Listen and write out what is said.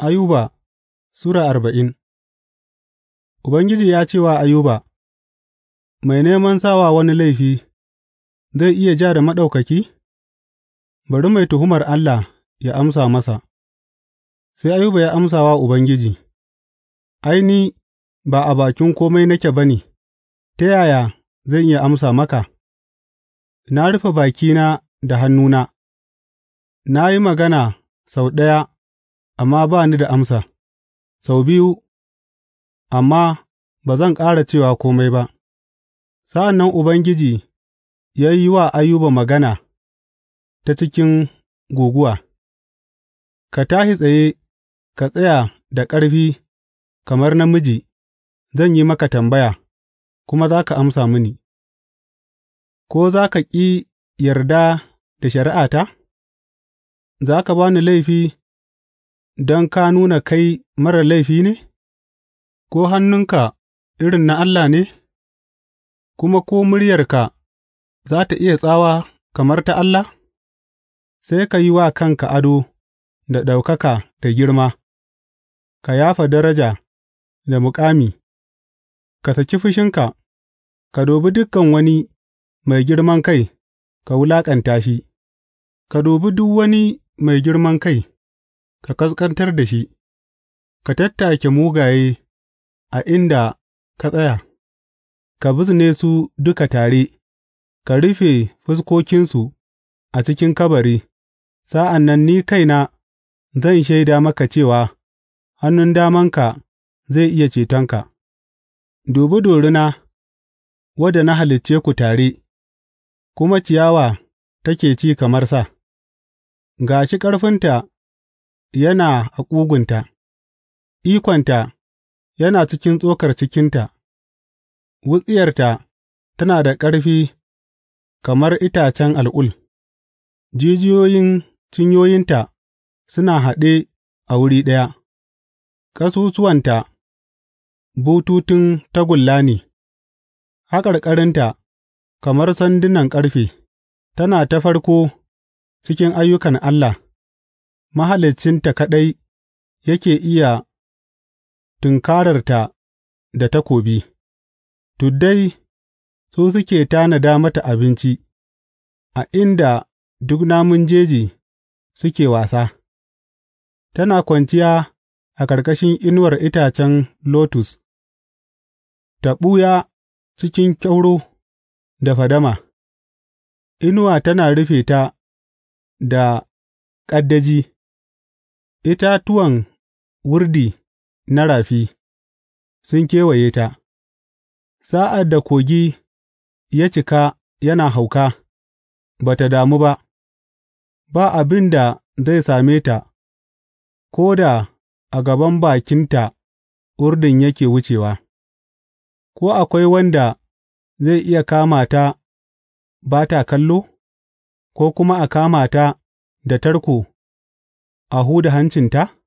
Ayuba Sura arba'in Ubangiji ya ce wa Ayuba, Mai neman sawa wani laifi, zai iya ja da Maɗaukaki? Bari mai tuhumar Allah ya amsa masa, sai Ayuba ya amsa wa Ubangiji, Aini ba a bakin komai nake ba ne, ta yaya zan iya amsa maka? Na rufe bakina da hannuna, na yi magana sau ɗaya amma ba ni da amsa, sau biyu, amma ba zan ƙara cewa komai ba. Sa'an nan Ubangiji ya yi wa Ayuba magana ta cikin guguwa, Ka tashi tsaye, ka tsaya da ƙarfi kamar namiji, zan yi maka tambaya, kuma za ka amsa mini, ko za ka ƙi yarda da shari'ata? Za ka ba ni laifi don ka nuna kai marar laifi ne? Ko hannunka irin na Allah ne, kuma ko muryarka za ta iya tsawa kamar ta Allah? Sai ka yi wa kanka ado da ɗaukaka da girma, ka yafa daraja da mukami. ka saki fushinka, ka dubi dukan wani mai girman kai, ka wulaƙanta shi, ka dubi duk wani mai girman kai. ka ƙasƙantar da shi, ka tattake mugaye a inda ka tsaya, ka bizne su duka tare, ka rufe fuskokinsu a cikin kabari, sa'an nan ni kaina zan shaida maka cewa hannun damanka zai iya cetonka. Dubi dorina, wadda na halicce ku tare, kuma ciyawa take ci kamar sa, ga shi ƙarfinta. yana a ƙugunta, ikonta yana cikin tsokar cikinta, wutsiyarta tana da ƙarfi kamar itacen al'ul, jijiyoyin cinyoyinta suna haɗe a wuri ɗaya, ƙasusuwanta bututun tagulla ne, haƙarƙarinta kamar sandunan ƙarfe, tana ta farko cikin ayyukan Allah. Mahaliccinta kaɗai yake iya tunkararta da takobi; tuddai su suke tanada mata abinci a inda duk namun jeji suke wasa; tana kwanciya a ƙarƙashin inuwar itacen lotus ta ɓuya cikin kyauro da fadama, inuwa tana rufe ta da ƙaddaji. Itatuwan wurdi na rafi sun kewaye ta; sa'ad da kogi ya cika yana hauka, ba ta damu ba, ba abin da zai same ta ko da a gaban bakinta urdin yake wucewa, ko akwai wanda zai iya kama ta ba ta kallo, ko kuma a kama ta da tarko. a huda hancinta?